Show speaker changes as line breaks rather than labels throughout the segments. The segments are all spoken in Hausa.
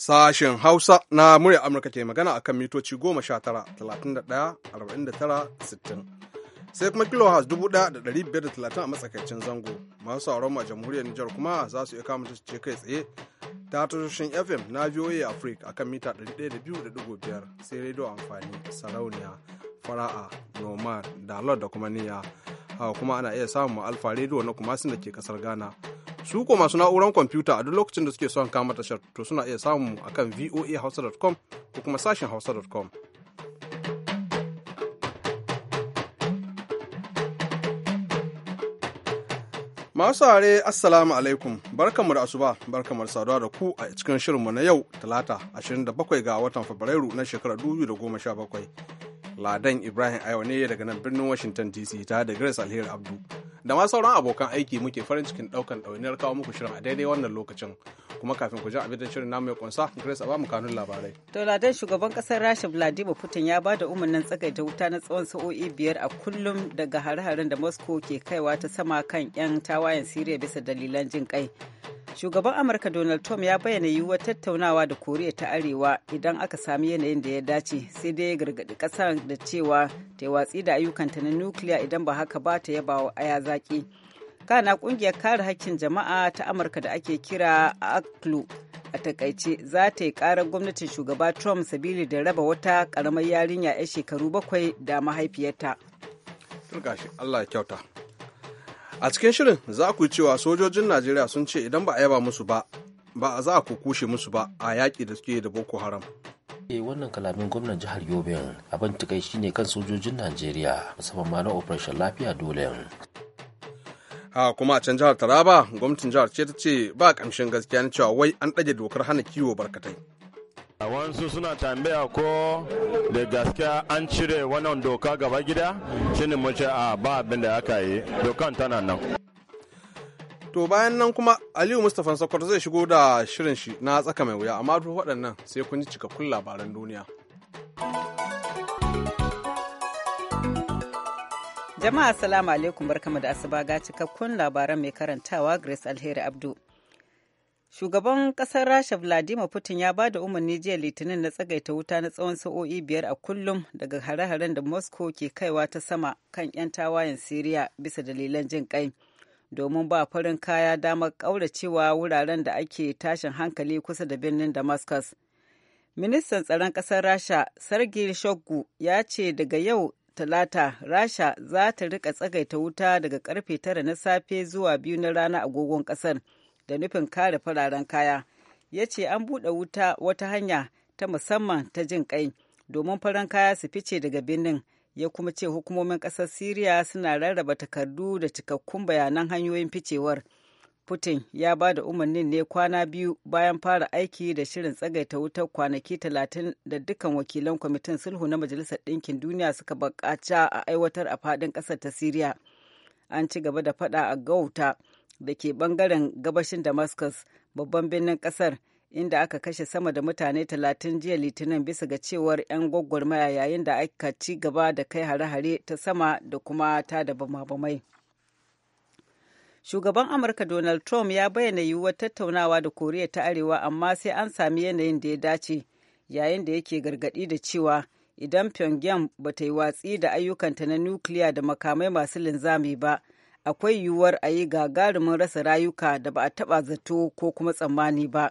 Sashen Hausa na murya Amurka ke magana akan mitoci 19-31-49-60. Sai kuma kilohertz 1,530 a matsakaicin zango. Masu sauran a jamhuriyar Nijar kuma za su iya kama ce kai tsaye ta tashoshin FM na VOA Africa akan mita 102.5 sai rediyo amfani sarauniya fara'a noma dalar da kuma niya kuma ana iya samun alfa rediyo na kuma sun da ke kasar Ghana. su ko masu na'urar kwamfuta a duk lokacin da suke son kama tashar to suna iya samu mu akan voahausa.com ko kuma sashen hausa.com. Masu saurare Assalamu alaikum barkanmu da asuba barkanmu da saduwa da ku a cikin shirinmu na yau talata 27 ga watan Fabrairu na shekarar 2017. Ladan Ibrahim Ayo ne daga nan birnin Washington DC tare da Grace Alheri Abdu. da ma sauran abokan aiki muke farin cikin daukan ɗauniyar kawo muku shirin a daidai wannan lokacin kuma kafin ku ji abin da shirin namu ya kunsa Grace ba mu kanun labarai.
Tauladan shugaban kasar Rasha Vladimir Putin ya ba da umarnin tsagaita wuta na tsawon sa'o'i biyar a kullum daga hare-haren da Moscow ke kaiwa ta sama kan 'yan tawayen Siriya bisa dalilan jin kai. shugaban amurka donald trump ya bayyana yiwuwar tattaunawa da koriya ta arewa idan aka sami yanayin da ya dace sai dai ya gargaɗi ƙasar da cewa ta watsi da ayyukanta na nukiliya idan ba haka ba ta yaba wa aya zaki kana ƙungiyar kare hakkin jama'a ta amurka da ake kira aclu a takaice za ta yi karar gwamnatin shugaba trump sabili da raba wata karamar yarinya 'yan shekaru bakwai da mahaifiyarta.
a cikin shirin za ku cewa sojojin najeriya sun ce idan ba a yaba musu ba ba a za ku kushe musu ba a yaƙi da suke da
boko haram eh, wannan kalamin gwamnan jihar yobe abin tukai shine kan sojojin najeriya musamman ma na operation lafiya dole
Ha kuma a can jihar taraba gwamnatin jihar ce ta ce ba kamshin gaskiya na cewa wai an ɗage dokar hana kiwo barkatai
wansu suna tambaya ko da gaskiya an cire wannan doka gaba gida shine mu ce a ba abin da aka yi dokan tana nan
to bayan nan kuma aliyu mustapha sokoto zai shigo da shirin shi na tsaka mai wuya amma duk waɗannan sai
kun ji cikakkun labaran duniya jama'a assalamu alaikum barkamu da asuba ga cikakkun labaran mai karantawa grace alheri abdu Shugaban kasar Rasha Vladimir Putin ya ba da umarni jiya Litinin na tsagaita wuta na tsawon sa'o'i biyar a kullum daga hare-haren da Moscow ke kaiwa ta sama kan 'yan tawayen syria bisa dalilan jin kai. Domin ba farin kaya damar ƙauracewa wuraren da ake tashin hankali kusa da birnin Damascus. Ministan tsaron ƙasar Rasha Sergei Shoggu ya ce daga yau Talata, Rasha za ta rika tsagaita wuta daga karfe tara na safe zuwa biyu na rana agogon ƙasar. kasar. da nufin kare fararen kaya ya ce an buɗe wuta wata hanya ta musamman ta jin kai domin faran kaya su fice daga birnin ya kuma ce hukumomin ƙasar siriya suna rarraba takardu da cikakkun bayanan hanyoyin ficewar putin ya ba da umarnin ne kwana biyu bayan fara aiki da shirin tsagaita wutar kwanaki talatin da dukkan wakilan kwamitin sulhu na majalisar ɗinkin duniya suka bakaca a aiwatar a faɗin ƙasar ta siriya an ci gaba da faɗa a gauta da ke bangaren gabashin damascus babban birnin kasar inda aka kashe sama da mutane talatin jiya litinin bisa ga cewar 'yan gwaggwarmaya yayin da aka ci gaba da kai hare-hare ta sama da kuma ta da bamabamai shugaban amurka donald trump ya bayyana yiwuwar tattaunawa da koriya ta arewa amma sai an sami yanayin da ya dace yayin da yake gargadi da cewa idan pyongyang ba ta yi watsi da ayyukanta na nukiliya da makamai masu linzami ba akwai yiwuwar a yi gagarumin rasa rayuka da ba a taɓa zato ko kuma tsammani ba.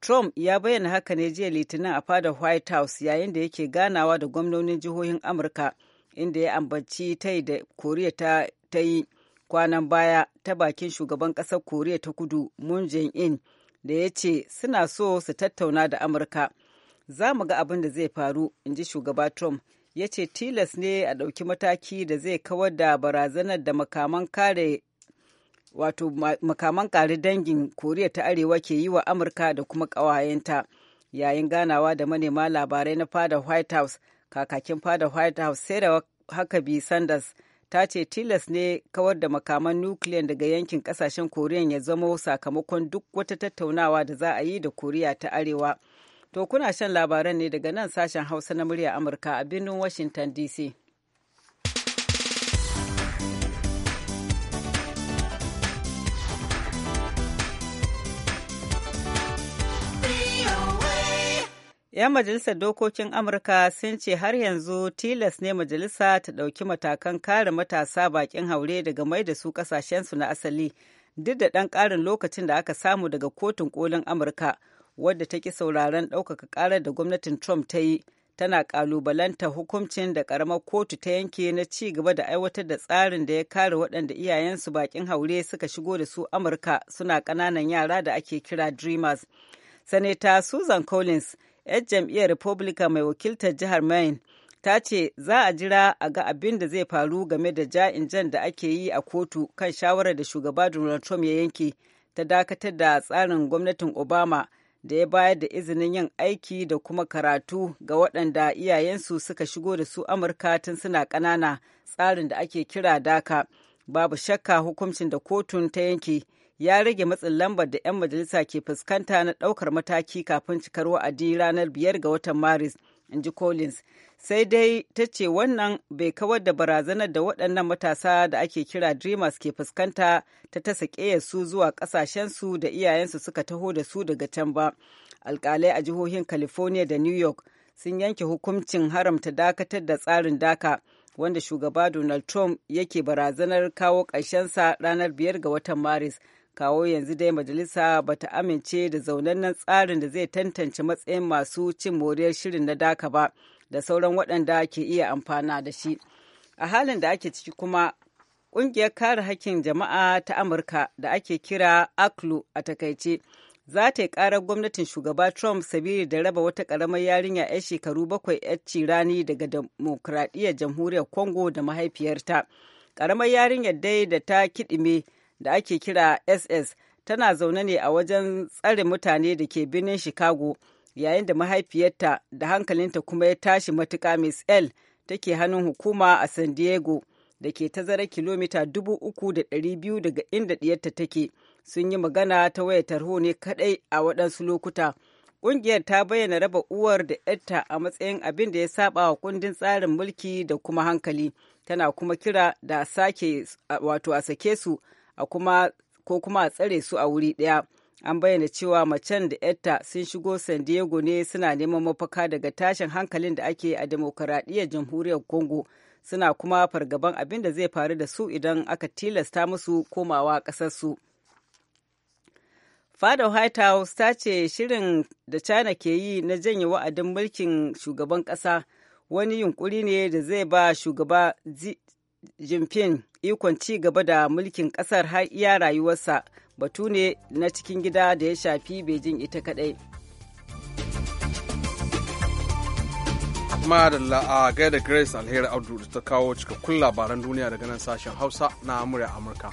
Trump ya bayyana haka ne jiya Litinin a fadar White House yayin da yake ganawa da gwamnonin jihohin Amurka inda ya ambaci ta da Koriya ta, ta yi kwanan baya ta bakin shugaban ƙasar Koriya ta kudu Moon Jae-in da ya ce suna so su tattauna da Amurka. Za mu ga abin da zai faru, in ji shugaba Trump. ya ce tilas ne a ɗauki mataki da zai kawar da barazanar da makaman kare wato makaman kare dangin koriya ta arewa ke yi wa amurka da kuma ƙawayenta yayin ganawa da manema labarai na fada white house kakakin fada white house sai da haka bi sanders ta ce tilas ne kawar da makaman nukiliyan daga yankin kasashen koriyan ya zama sakamakon duk wata tattaunawa da za a yi da koriya ta arewa To kuna shan labaran ne daga nan sashen Hausa na murya Amurka a birnin Washington DC. ‘Yan majalisar dokokin Amurka sun ce har yanzu tilas ne majalisa ta ɗauki matakan kare matasa bakin haure daga mai da su ƙasashensu na asali, duk da ɗan ƙarin lokacin da aka samu daga kotun kolin Amurka. wadda ta ki sauraron ɗaukaka ƙarar da gwamnatin Trump ta yi tana ƙalubalanta hukuncin da ƙaramar kotu ta yanke na ci gaba da aiwatar da tsarin da ya kare waɗanda iyayensu bakin haure suka shigo da su Amurka suna ƙananan yara da ake kira Dreamers. Sanata Susan Collins, 'yar jam'iyyar Republican mai wakiltar jihar Maine, ta ce za a jira a ga abin da zai faru game da ja'in jan da ake yi a kotu kan shawarar da shugaba Donald Trump ya yanke ta dakatar da tsarin gwamnatin Obama. da ya bayar da izinin yin aiki da kuma karatu ga waɗanda iyayensu suka shigo da su amurka tun suna ƙanana tsarin da ake kira daka babu shakka hukuncin da kotun ta yanke ya rage matsin lambar da 'yan majalisa ke fuskanta na ɗaukar mataki kafin cikar wa'adi ranar biyar ga watan maris in ji collins sai dai ta ce wannan bai kawar da barazanar da waɗannan matasa da ake kira dreamers ke fuskanta ta tasa su zuwa ƙasashensu da iyayensu suka taho da su daga can ba alƙalai a jihohin california da new york sun yanke hukuncin haramta dakatar da tsarin daka wanda shugaba donald trump yake barazanar kawo ƙarshensa ranar biyar ga watan maris kawo yanzu dai majalisa ba ta amince da zaunannen tsarin da zai tantance matsayin masu cin moriyar shirin na daka ba da sauran waɗanda ke iya amfana da shi a halin da ake ciki kuma ƙungiyar kare hakkin jama'a ta amurka da ake kira aclu a takaice za ta yi ƙarar gwamnatin shugaba trump sabiri da raba wata ƙaramar yarinya 'yan shekaru bakwai 'yar cirani daga demokuraɗiyyar jamhuriyar congo da mahaifiyarta ƙaramar yarinyar dai da ta kiɗime da ake kira ss tana zaune ne a wajen tsare mutane da ke birnin chicago yayin da mahaifiyarta da hankalinta kuma ya tashi matuka miss l take hannun hukuma a san diego da ke tazarar kilomita 3,200 daga inda diyarta take sun yi magana ta waya tarho ne kadai a waɗansu lokuta ƙungiyar ta bayyana raba uwar da yarta a matsayin abin da ya saba wa kundin tsarin mulki da kuma hankali tana kuma kira da sake wato a sake su a kuma ko kuma a tsare su a wuri ɗaya an bayyana cewa macen da yarta sun shigo san diego ne suna neman mafaka daga tashin hankalin da ake a demokaradiyyar jamhuriyar congo suna kuma fargaban abin da zai faru da su idan aka tilasta musu komawa ƙasarsu. fadar white house ta ce shirin da china ke yi na janye wa'adin mulkin shugaban ƙasa wani yunkuri ne da zai ba shugaba jinping ikon ci gaba da mulkin kasar har iya rayuwarsa batu ne na cikin gida da ya shafi beijing ita kadai
madalla a da grace alheri abdu da ta kawo cikakkun labaran duniya daga nan sashen hausa na amurya amurka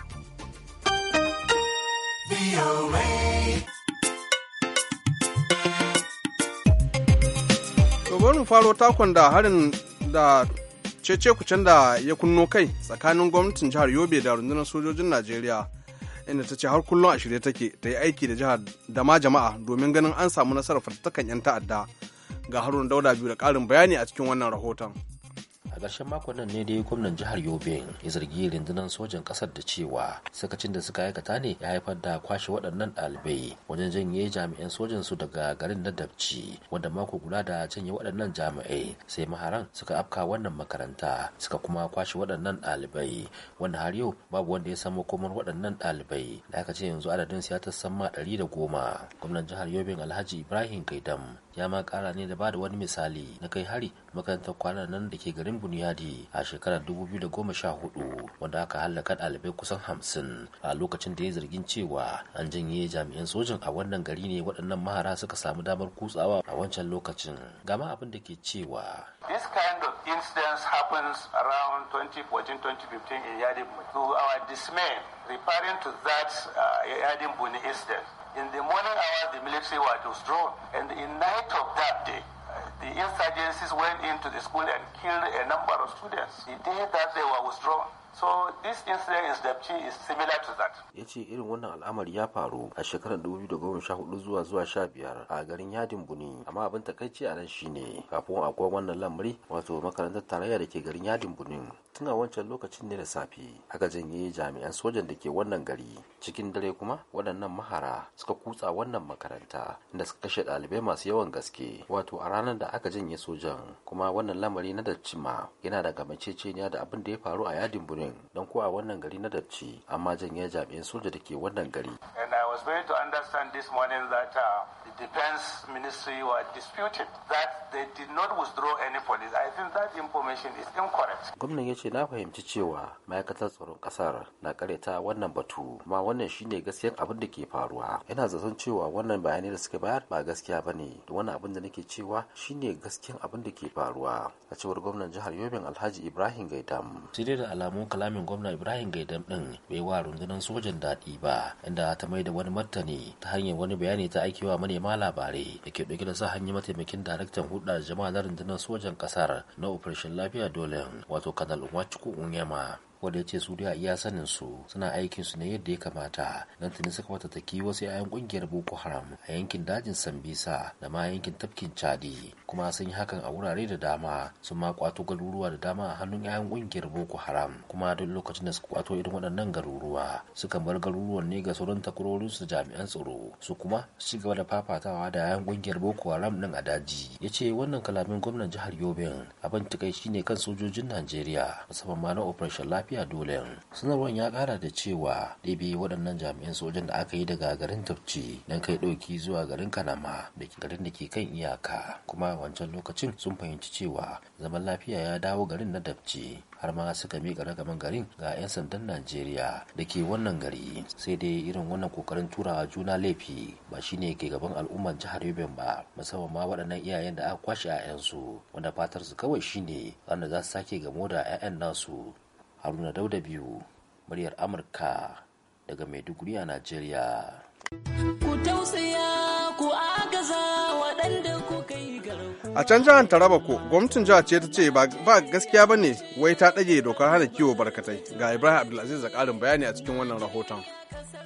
to bari faro takon da harin da cece kucen da ya kunno kai tsakanin gwamnatin jihar yobe da rundunar sojojin najeriya inda ta ce har kullum a shirye take ta yi aiki da jihar da ma jama'a domin ganin an samu nasarar fatattakan 'yan ta'adda ga haruna dauda biyu da ƙarin bayani a cikin wannan rahoton.
karshen ƙarshen makon nan ne dai gwamnan jihar yobe ya zargi rundunar sojan ƙasar da cewa sakacin da suka aikata ne ya haifar da kwashe waɗannan ɗalibai wajen janye jami'an sojan su daga garin na dabci wanda mako guda da janye waɗannan jami'ai sai maharan suka afka wannan makaranta suka kuma kwashe waɗannan ɗalibai wanda har yau babu wanda ya san makomar waɗannan ɗalibai da aka ce yanzu adadin su ya tasamma ɗari da goma gwamnan jihar yobe alhaji ibrahim gaidam ya ma kara ne da ba da wani misali na kai hari makarantar kwanan nan da ke garin Bunyadi a shekarar 2014 wanda aka hallaka ɗalibai kusan 50 a lokacin da ya zargin cewa an janye jami'an sojin a wannan gari ne waɗannan mahara suka samu damar kutsawa a wancan lokacin gama abin da ke cewa
This kind of incidents happens around 2014-2015 in Yadimbu. To our dismay, referring to that uh, Yadimbu incident, In the morning hours, the military were withdrawn, and in night of that day, the insurgencies went into the school and killed a number of students. The
day that they were withdrawn, So this incident in is similar to that. Ya ce irin wannan al'amari ya faru a shekarar 2014 zuwa zuwa 15 a garin Yadin Buni. Amma abin takaici a nan shine kafin akwai wannan lamari wato makarantar tarayya da ke garin Yadin Buni tun wancan lokacin ne da safe aka janye jami'an sojan da ke wannan gari cikin dare kuma waɗannan mahara suka kutsa wannan makaranta da suka kashe ɗalibai masu yawan gaske wato a ranar da aka janye sojan kuma wannan lamari na da cima yana da gamaceceniya da abin da ya faru a yadin Buni. garin don kuwa wannan gari na dacci amma janye jami'in soja da ke wannan gari.
And I was very to understand this morning that uh, the defense ministry were disputed that they did not withdraw any police. I think that information is incorrect.
Gwamnan ya ce na fahimci cewa ma'aikatar tsaron kasar na karyata wannan batu amma wannan shine gaskiyar abin da ke faruwa. Ina zaton cewa wannan bayanai da suka bayar ba gaskiya ba ne da abin da nake cewa shine gaskiyar abin da ke faruwa. A cewar gwamnan jihar Yobin Alhaji Ibrahim Gaidam. Sai da alamun kalamin gwamna ibrahim gaidam din bai wa rundunar sojan daɗi ba inda ta mai da wani martani ta hanyar wani bayani ta wa manema labarai da ke ɗauke da sa hanyar mataimakin daraktan hulɗa jama'a na rundunar sojan ƙasar na operation lafiya dole wato kanal umar cikin unyama wanda ya ce su da iya sanin su suna aikin su ne yadda ya kamata nan tuni suka watattaki wasu 'ya'yan kungiyar boko haram a yankin dajin sambisa da ma yankin tafkin chadi kuma sun yi hakan a wurare da dama sun ma kwato garuruwa da dama a hannun 'ya'yan kungiyar boko haram kuma duk lokacin da suka kwato irin waɗannan garuruwa sukan bar garuruwan ne ga sauran takurorin su jami'an tsaro su kuma su gaba da fafatawa da 'ya'yan kungiyar boko haram din a daji ya ce wannan kalamin gwamnan jihar yobin abin takaici ne kan sojojin najeriya musamman ma na operation lafiya dole sanarwar ya kara da cewa ɗebe waɗannan jami'an sojan da aka yi daga garin tafci don kai ɗauki zuwa garin kanama da garin da ke kan iyaka kuma wancan lokacin sun fahimci cewa zaman lafiya ya dawo garin na tafci har ma suka miƙa ragaman garin ga 'yan sandan najeriya da ke wannan gari sai dai irin wannan kokarin turawa juna laifi ba shine ke gaban al'ummar jihar yobin ba musamman ma waɗannan iyayen da aka kwashe 'ya'yansu wanda fatar su kawai shine wanda za su sake gamo da 'ya'yan nasu haruna dauda biyu muryar amurka daga maiduguri a najeriya
ku tausaya ku agaza waɗanda ku kai
a can jihar taraba ko gwamnatin jihar ce ta ce ba gaskiya ba ne wai ta ɗage dokar
hana kiwo barkatai ga ibrahim abdulaziz da ƙarin bayani a cikin wannan rahoton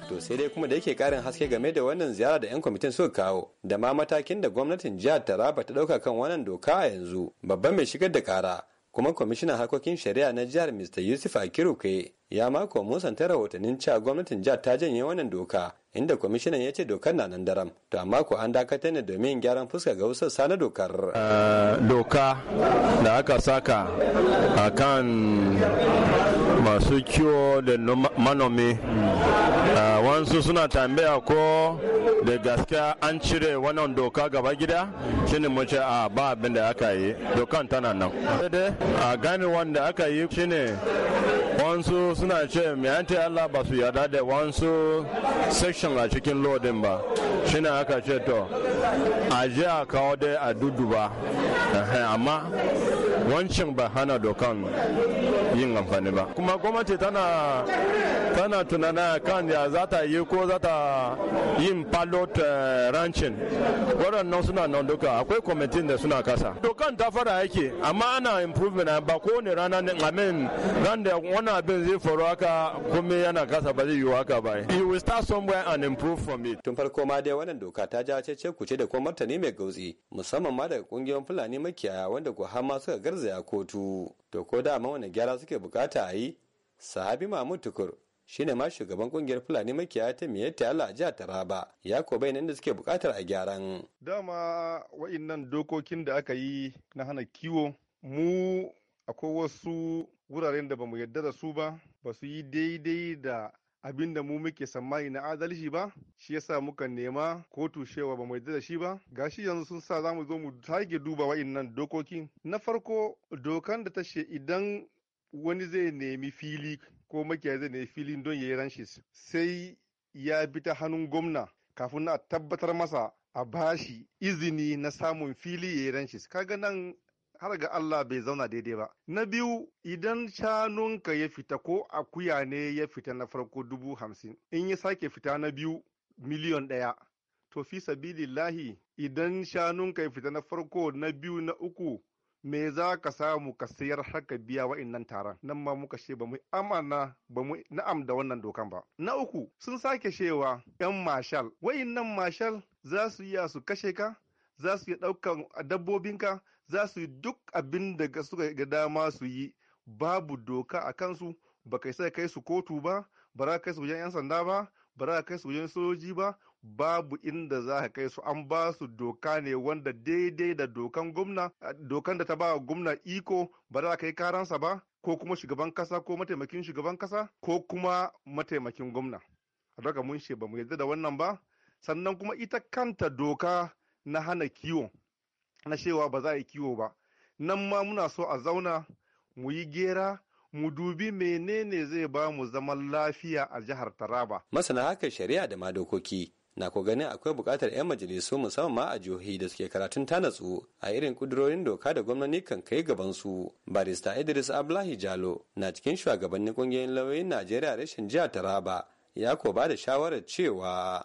to sai dai kuma da yake karin haske game da wannan ziyara da 'yan kwamitin suka kawo da ma matakin da gwamnatin jihar taraba ta ɗauka kan wannan doka a yanzu babban mai shigar da kara kuma kwamishinan harkokin shari'a na jihar mr yusuf akiruke ya mako musan musanta rahotannin cewa gwamnatin jihar ta janye wannan doka inda kwamishinan ya ce dokar na nan daram to amma ko an dakatar ne domin gyaran fuska ga wasu sana dokar
eh, doka da aka saka a kan masu kiwo da manomi eh, wansu suna tambaya ko da gaskiya an cire wannan doka gaba gida shi ne ce a ah, ba abin da aka yi dokan tana nan a gani wanda aka yi shine wansu suna ce mai Allah ba su yarda da wansu section a cikin lodin ba shi ne aka ce to a je a kawo dai a dudu ba amma wancan ba hana dokan yin amfani ba kuma gwamnati tana tana tunanin kan ya za ta yi ko za ta yin pilot eh, waɗannan suna nan duka akwai kwamitin da suna kasa dokan ta fara yake amma ana improvement ba kowane rana ne amin
ran da wani abin zai faru haka kuma yana kasa ba zai yi haka ba you will start somewhere and improve from it tun farko ma dai wannan doka ta ja cece kuce da kuma martani mai gautsi musamman ma daga kungiyoyin fulani makiyaya wanda ko har ma suka garzaya kotu to ko da ma wani gyara suke bukata a yi sahabi mahmud tukur shine ma shugaban kungiyar fulani makiyaya ta miyatta Allah a jihar Taraba ya ko nan da suke bukatar a gyaran
dama wa'innan dokokin da aka yi na hana kiwo mu akwai wasu wuraren da bamu yarda da su ba ba su yi daidai da abin da mu muke sammani na adalci ba shi yasa muka nema kotu shewa ba mu yarda da shi ba gashi yanzu sun sa zamu zo mu tage duba wa'innan dokokin na farko dokan da ta ce idan wani zai nemi fili ko makiyayi zai filin don ya yi ranshis sai ya bi ta hannun gwamna kafin a tabbatar masa a bashi izini na samun fili ya yi ranshis kaga nan har ga Allah bai zauna daidai ba. Na biyu idan shanunka ya fita ko akuya ne ya fita na farko dubu hamsin in ya sake fita na biyu miliyon ɗaya. To fi sabilillahi idan shanunka ya fita na farko na biyu na uku me za ka samu ka sayar har ka biya waannan taron nan ma muka ce ba mu amana ba mu na'am da wannan dokan ba na uku sun sake shewa yan mashal wa'annan mashal za su iya su kashe ka za su iya ɗaukan dabbobinka za su yi duk abin da suka ga dama su yi babu doka a kansu ba kai sai kai su kotu ba ba za kai su wajen 'yan sanda ba ba za a kai su wajen sojoji ba babu inda za ka kai su an ba su doka ne wanda daidai da dokan gwamna dokan da ta ba gwamna iko ba za a kai karansa ba ko kuma shugaban kasa ko mataimakin shugaban kasa ko kuma mataimakin gwamna daga mun she ba mu yadda da wannan ba sannan kuma ita kanta doka na hana kiwo na cewa ba za a yi kiwo ba nan ma muna so a zauna mu yi gera mu dubi menene zai ba mu zaman lafiya a jihar Taraba.
Masana haka shari'a da ma dokoki na ko ganin akwai bukatar 'yan majalisu musamman ma a jihohi da suke karatun tanatsu a irin kudurorin doka da gwamnati kan kai gaban su barista idris ablahi jalo na cikin shugabannin ƙungiyoyin lauyoyin najeriya rashin jiya taraba ya ko ba da shawarar cewa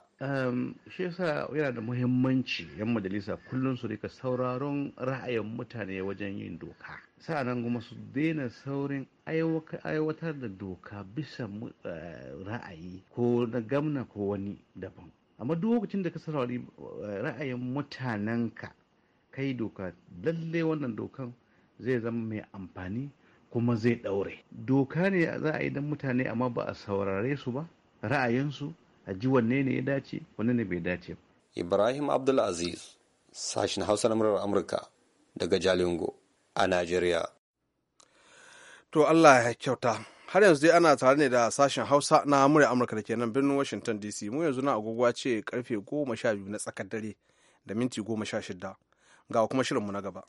shi yasa yana da muhimmanci 'yan majalisa kullum su rika sauraron
ra'ayin mutane wajen yin doka sa'annan kuma su daina saurin aiwatar da doka bisa eh, ra'ayi ko na gamna ko wani daban amma duk lokacin da ka saurari eh, ra'ayin mutanenka kai doka lalle wannan dokan zai zama mai amfani kuma zai daure. doka ne za a yi don mutane amma ba a saurare su ba ra'ayinsu a ji wanne ne ya
dace wanne ne bai dace ibrahim abdulaziz sashen hausa na murar amurka daga jalingo a Najeriya.
To Allah ya kyauta. Har yanzu dai ana tare ne da sashen Hausa na murya Amurka da ke nan birnin Washington DC. Mu yanzu na agogwa ce karfe goma sha biyu na tsakar dare da minti goma sha shida. Ga kuma shirinmu
na gaba.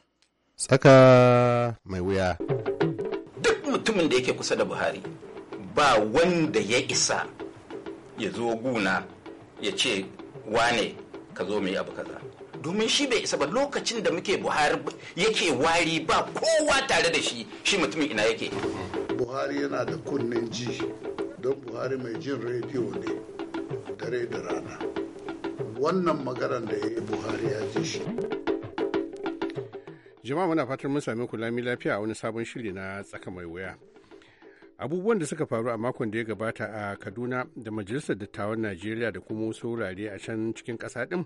Tsaka mai wuya.
Duk mutumin da yake kusa da Buhari ba wanda ya isa ya zo guna ya ce wane ka zo mu yi abu kaza. domin shi bai isa ba lokacin da muke buhari yake wari ba kowa tare da shi shi mutumin ina yake buhari
yana da kunnen ji don buhari mai jin rediyo ne dare da rana wannan magaran da ya yi buhari ya ji shi
jama'a muna fatar mun sami kulami lafiya a wani sabon shiri na tsaka mai wuya abubuwan da suka faru a makon da ya gabata a kaduna da majalisar dattawan najeriya da kuma wasu wurare a can cikin ƙasa ɗin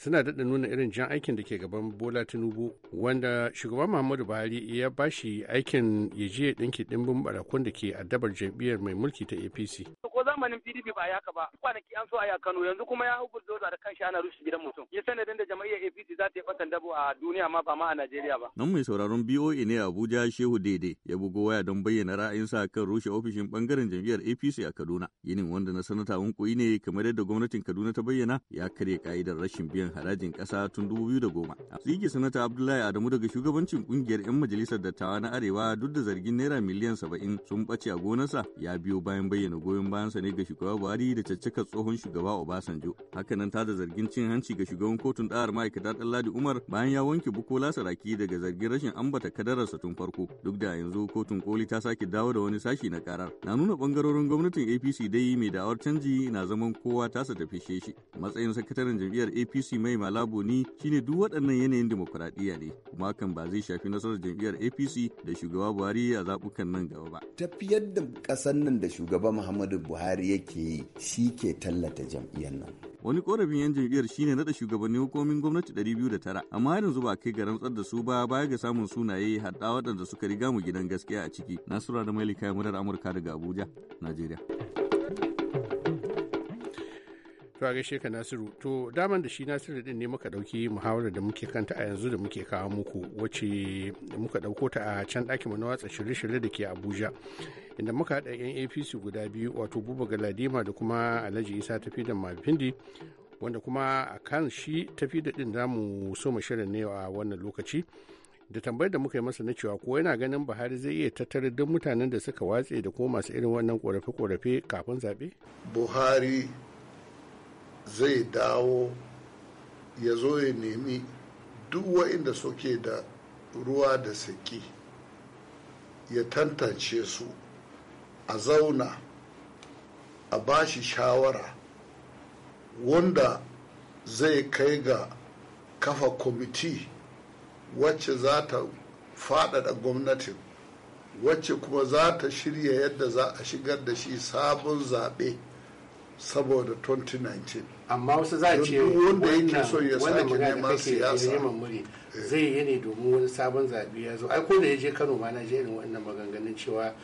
suna daɗa nuna irin jan aikin da ke gaban bola tinubu wanda shugaban muhammadu buhari ya bashi aikin ya je ɗinki ɗimbin barakun da ke addabar jam'iyyar mai mulki ta apc
zamanin PDP ba yaka ba kwanaki an so a Kano yanzu kuma ya hau bulldozer da kanshi ana rushe gidan mutum ya sanadin da jama'iyyar APC za ta yi fatan dabo a duniya ma
ba ma a Najeriya ba nan mai sauraron BOA ne Abuja Shehu Dede ya bugo waya don bayyana ra'ayin sa kan rushe ofishin bangaren jam'iyyar APC a Kaduna yinin wanda na sanata Unkuyi ne kamar yadda gwamnatin Kaduna ta bayyana ya karya ka'idar rashin biyan harajin kasa tun 2010 tsige sanata Abdullahi Adamu daga shugabancin kungiyar 'yan majalisar dattawa na Arewa duk da zargin naira miliyan 70 sun bace a gonarsa ya biyo bayan bayyana goyon bayansa ne ga shugaba Buhari da caccakar tsohon shugaba Obasanjo. Hakanan ta da zargin cin hanci ga shugaban kotun da'ar ma'aikata Ɗanladi Umar bayan ya wanke Bukola Saraki daga zargin rashin ambata kadararsa tun farko. Duk da yanzu kotun koli ta sake dawo da wani sashi na karar. Na nuna bangarorin gwamnatin APC dai mai da'awar canji na zaman kowa tasa tafi shi. Matsayin sakataren jam'iyyar APC mai malabo ni shine duk waɗannan yanayin dimokuraɗiyya ne. Kuma hakan ba zai shafi nasarar jam'iyyar APC da shugaba Buhari a zaɓukan nan gaba ba.
Tafiyar da ƙasar nan da shugaba Muhammadu Buhari buhari yake yi shi ke tallata jam'iyyar
nan wani korafin yan jam'iyyar shine nada shugabanni hukumomin gwamnati 209 amma har yanzu ba kai ga rantsar da su ba baya ga samun sunaye hadda waɗanda suka riga mu gidan gaskiya a ciki nasura da mailika murar amurka daga abuja najeriya
to a ka nasiru to daman da shi nasiru din ne muka dauki muhawarar da muke kanta a yanzu da muke kawo muku wacce muka dauko ta a can ɗakin na watsa shirye-shirye da ke abuja inda muka haɗa yan apc guda biyu wato buba galadima da kuma alhaji isa tafi da mafindi wanda kuma a kan shi tafi da din zamu so mu shirin ne a wannan lokaci da tambayar da muka yi masa na cewa ko yana ganin buhari zai iya tattara duk mutanen da suka watse da ko masu irin wannan korafe-korafe kafin zaɓe
buhari zai dawo ya zo ya nemi duk wa'inda suke da ruwa da saki ya tantance su a zauna a ba shi shawara wanda zai kai ga kafa kwamiti wacce za ta faɗaɗa gwamnati wacce kuma za ta shirya yadda za a shigar da shi sabon zaɓe saboda 2019 amma wasu za a ce wanda yake so ya sake neman siyasa eh.
zai yi ne domin wani sabon zaɓe ya zo ai ko da ya je kano ma na je irin wannan maganganun cewa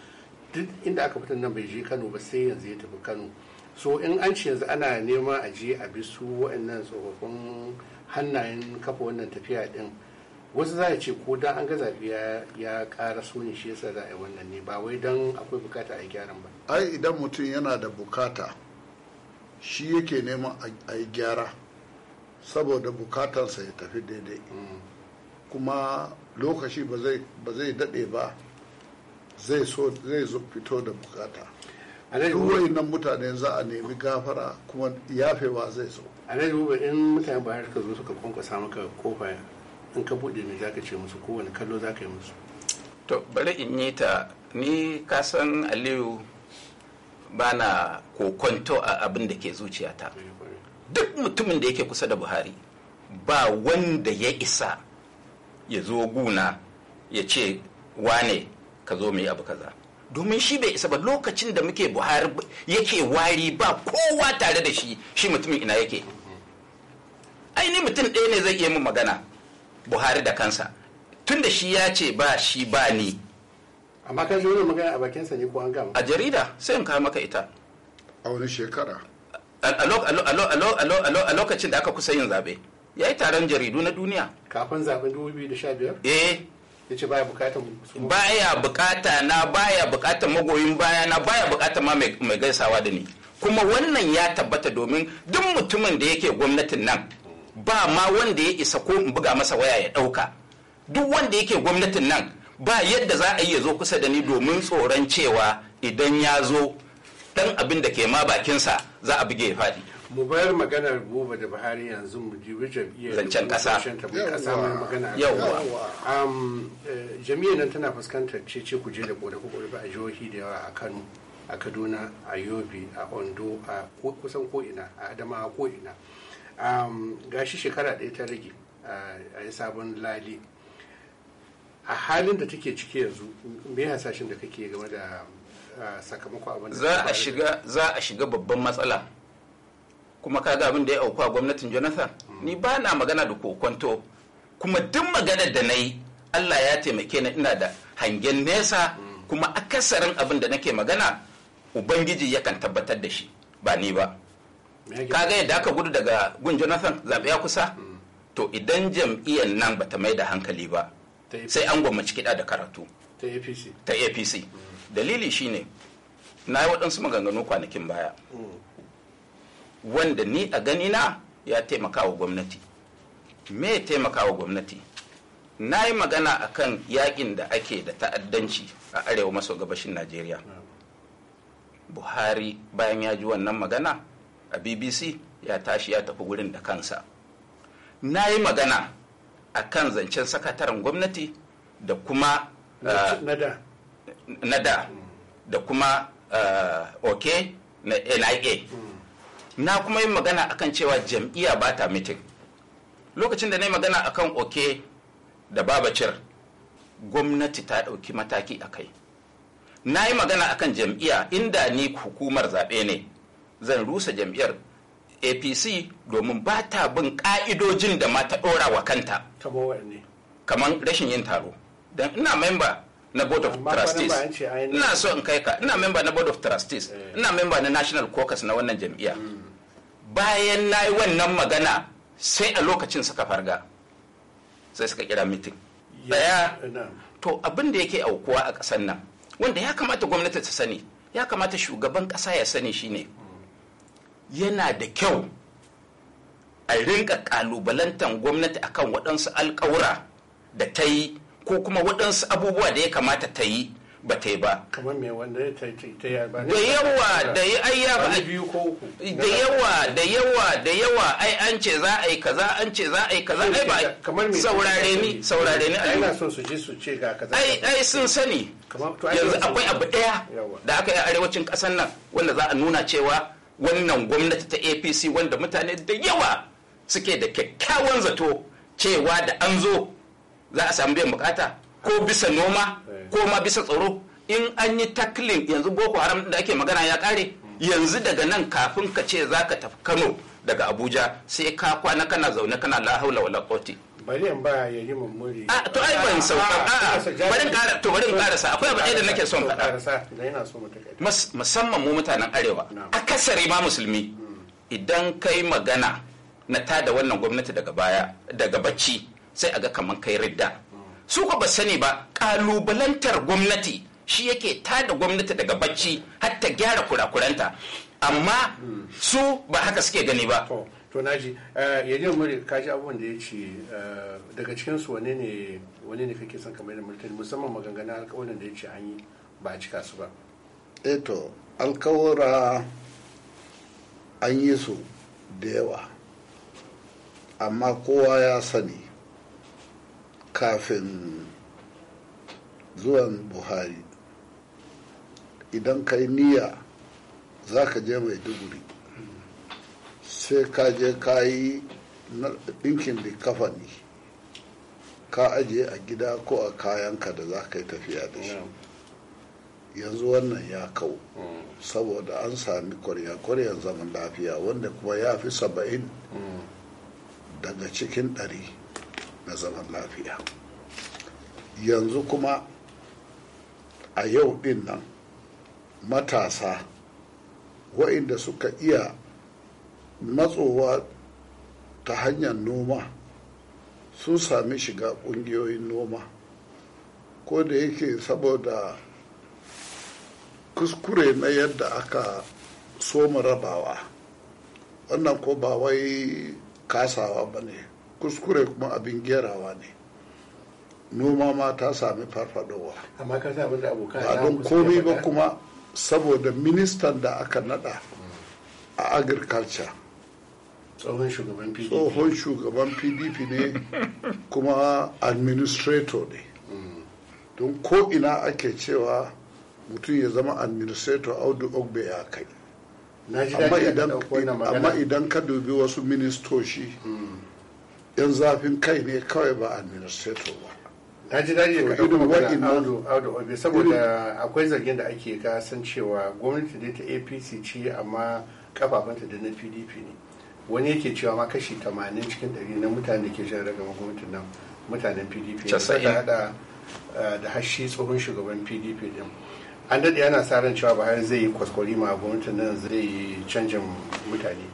duk inda aka fitar nan bai je kano ba sai yanzu ya tafi kano so in an ce yanzu ana nema a je a bi su waɗannan tsofaffin hannayen kafa wannan tafiya din wasu za a ce ko dan an ga zaɓe ya ƙara ne shi yasa za a yi wannan ne ba wai dan akwai
bukata a gyaran ba ai idan mutum yana da bukata shi yake neman a yi gyara saboda bukatarsa ya tafi daidai kuma lokaci ba zai daɗe ba zai zo fito da bukata duwai nan mutane za a nemi gafara kuma yafewa zai zo a nan gobe in mutane ba har ka zo suka kwankwasa maka kofa in ka buɗe
ne
za ka ce musu kowane kallo za ka yi musu to bari in yi ta ni kasan aliyu ba na kokonto a abin da ke zuciyata duk mutumin da yake kusa da buhari ba wanda ya isa ya zo guna ya ce wane ka zo mai abu kaza domin shi bai isa ba lokacin da muke buhari yake wari ba kowa tare da shi shi mutumin ina yake aini mutum ɗaya ne zai iya min magana buhari da kansa Tunda shi ya ce ba shi ba ni amma ka ji wannan magana a bakin sa ne ko an gama a jarida sai in kawo maka ita a wani shekara a lokacin da aka kusa yin zabe ya yi taron jaridu na duniya kafin zaben 2015 eh ya ce baya bukatar baya bukata na baya bukatar magoyin baya na baya bukatar ma mai gaisawa da ni kuma wannan ya tabbata domin duk mutumin da yake gwamnatin nan ba ma wanda ya isa ko in buga masa waya ya dauka duk wanda yake gwamnatin nan ba yadda za a yi zo kusa da ni domin tsoron cewa idan ya zo dan abin da ke ma bakinsa za a buge ya faɗi. mu bayar
maganar gobe da buhari yanzu mu jibi jam'iyyar zancen kasa yawwa eh, nan tana fuskantar ce cece kuje da kore kore a jihohi da yawa a kano a kaduna a yobe a ondo a kusan ko'ina a adamawa ko'ina gashi shekara ɗaya ta rage eh, a yi sabon lali a halin da take ciki yanzu me hasashen da kake game da sakamako abin da za a
shiga za a shiga babban matsala kuma kaga abin da ya auku a gwamnatin Jonathan ni ba na magana da kokonto kuma duk maganar da na yi Allah ya taimake ni ina da hangen nesa kuma akasarin abin da nake magana ubangiji yakan tabbatar da shi ba ni ba Ka ga yadda aka gudu daga gun Jonathan zaɓe ya kusa to idan jam'iyyar nan bata mai da hankali ba sai an gwamnati kiɗa da karatu
ta apc
dalili shi dalili shine na yi waɗansu maganganu kwanakin baya wanda ni a ganina ya taimakawa gwamnati me taimaka wa gwamnati na yi magana a kan yaƙin da ake da ta'addanci a arewa maso gabashin najeriya buhari bayan ya ji wannan magana a bbc ya tashi ya tafi wurin da kansa na yi magana a kan zancen sakataren gwamnati da kuma nada eh, da kuma eh, ok na nia na kuma yin magana akan cewa jam'iyya ba ta mitin lokacin da na yi magana akan ok da babacir gwamnati ta ɗauki mataki a kai na yi magana akan jam'iyya inda ni hukumar zaɓe ne zan rusa jam'iyar. apc domin ba ta bin ƙa'idojin da ma ta ɗora wa kanta kamar rashin yin taro don ina memba na board of trustees ina so in kai ka ina memba na board of trustees eh. ina memba na national caucus na wannan jam'iyya hmm. bayan na yi wannan magana sai a lokacin suka farga sai suka kira mitin daya to abin da yake aukuwa a ƙasar nan wanda ya kamata gwamnati ta sani ya kamata shugaban ƙasa ya sani shine yana da kyau a rinka kalubalantan gwamnati akan waɗansu alkawura da ta yi ko kuma waɗansu abubuwa da ya kamata ta yi ba ta yi ba.
Kamar me wanda ya
ta yi Da yawa da ya ba.
Da
yawa da yawa da yawa ai an ce za a yi kaza an ce za a yi kaza ai ba. Kamar me saurare ni saurare ni. Ai
son su su ce ga kaza. Ai ai sun sani. Yanzu akwai abu ɗaya
da aka yi a arewacin ƙasar nan wanda za a nuna cewa wannan gwamnati ta apc wanda mutane da yawa suke da kyakkyawan zato cewa da an zo za a samu biyan bukata ko bisa noma ko ma bisa tsaro in an yi taklin yanzu boko haram da ake magana ya kare yanzu daga nan kafin ka ce za ka tafi kano daga abuja sai ka kwana kana zaune kana la haula wala
bari in ya yi mummuri a ah, to ai ban sauka ah, ah, a bari to bari ƙarasa da nake son
musamman mu mutanen arewa akasari ma musulmi hmm. idan kai magana na ta da wannan gwamnati daga baya daga bacci sai a ga kamar kai ridda hmm. su ko ba sani ba kalubalantar gwamnati shi yake ta da gwamnati daga bacci hatta gyara kurakuranta amma hmm. su ba haka suke gani ba
to naji eh, ya ji muri kaji abubuwan da ya ce eh, daga cikinsu wane ne wane ne kake son kamar da mulkin musamman maganganu alkawarin da ya ce an yi ba a cika su ba
eto eh alkawara an yi su da yawa amma kowa ya sani kafin zuwan buhari idan ka yi niyya za ka je mai duguri. sai ka je ka yi ɗinkin likafani ka aje a gida ko a kayanka da za ka yi tafiya da shi yanzu wannan ya kawo. saboda an sami kwarya-kwaryan zaman lafiya wanda kuma ya fi saba'in daga cikin ɗari na zaman lafiya yanzu kuma a yau ɗin nan matasa wa'inda suka iya matsowa ta hanyar noma sun sami shiga kungiyoyin noma ko da yake saboda kuskure na yadda aka soma rabawa wannan ko ba wai kasawa ba ne kuskure kuma abin gerawa ne noma ma ta sami farfadowa
ba don komi ba kuma
saboda ministan da aka nada a agriculture tsohon shugaban pdp tsohon shugaban pdp ne kuma administrator ne don ko ina ake cewa mutum ya zama administrator audu ogbe ya kai amma idan ka dubi wasu ministoshi yan zafin kai ne kawai ba administrator ba na ji daji ka ɗauko magana audu
audu obe saboda akwai zargin da ake ga san cewa gwamnati da ta apc ce amma kafafanta da na pdp ne wani yake cewa ma kashi 80 cikin 100 na mutane da ke jan raga gwamnatin nan mutanen pdp ne hada eh, da hashi tsohon shugaban pdp din an daɗe ana sa ran cewa buhari zai yi kwaskwari ma gwamnatin nan zai yi canjin mutane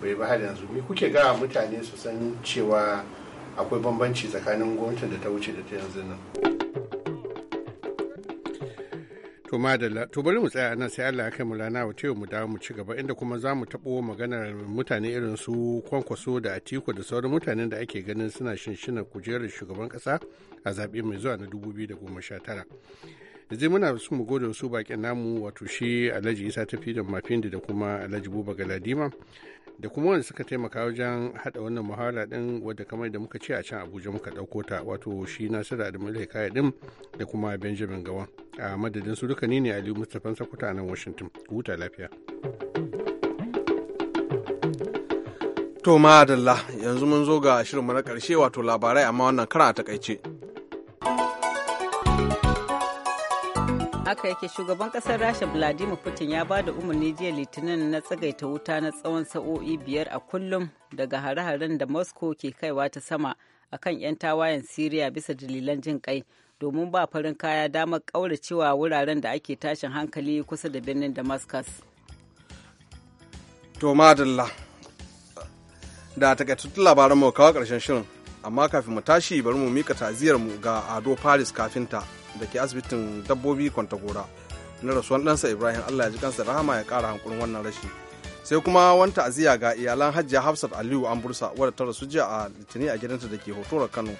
bai ba har yanzu me kuke ga mutane su san cewa akwai bambanci tsakanin gwamnatin da ta wuce da ta yanzu nan To madalla, to bari mu tsaya nan sai Allah ya kai mu lana wace mu dawo mu ci gaba inda kuma za mu taɓo maganar mutane irin su kwankwaso da Atiku da sauran mutanen da ake ganin suna shinshina kujerar shugaban ƙasa a zaɓe mai zuwa na 2019. yanzu muna su mu gode su bakin namu wato shi Alhaji Isa Tafi da Mafindi da kuma Alhaji Buba Galadima da kuma wanda suka taimaka wajen hada wannan muhawara din wadda kamar da muka ce a can Abuja muka dauko ta wato shi Nasiru Adamu Hikaya din da kuma Benjamin Gawan. a madadin su duka ne ne aliyu mustapha sakuta
nan washington huta lafiya to madalla yanzu mun zo ga shirinmu na karshe wato labarai amma wannan kara a takaice
haka yake shugaban kasar rasha vladimir putin ya ba da umarni jiya litinin na tsagaita wuta na tsawon sa'o'i biyar a kullum daga hare-haren da moscow ke kaiwa ta sama akan 'yan tawayen syria bisa dalilan jin kai domin ba farin kaya damar ƙauracewa wuraren da ake tashin hankali kusa da birnin damascus
to madalla da takaitattun labaran mu kawo ƙarshen shirin amma kafin mu tashi bari mu mika taziyar mu ga ado paris kafinta da ke asibitin dabbobi kwantagora na rasuwan ɗansa ibrahim allah ya ji kansa rahama ya kara hankulin wannan rashi sai kuma wani ta'aziyya ga iyalan hajjiya hafsat aliyu an bursa wadda ta rasu jiya a litinin a gidanta da ke hotowar kano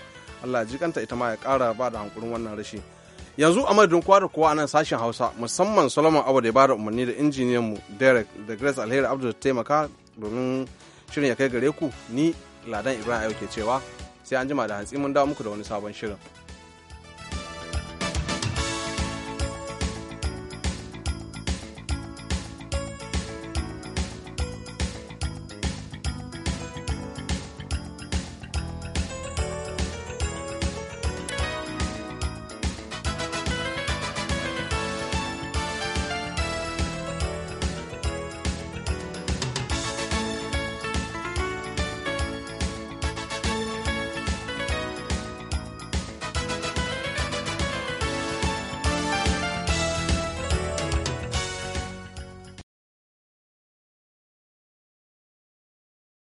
Allah ji kanta ita ma ya kara ba da hankulin wannan rashi yanzu a madadin kowa da kowa a nan sashen hausa musamman solomon abu da ya bada umarni da injiniyan mu derek da grace alheri abdul da taimaka domin shirin ya kai gare ku ni ladan ibrahim ayo ke cewa sai an jima da hantsi mun dawo muku da wani sabon shirin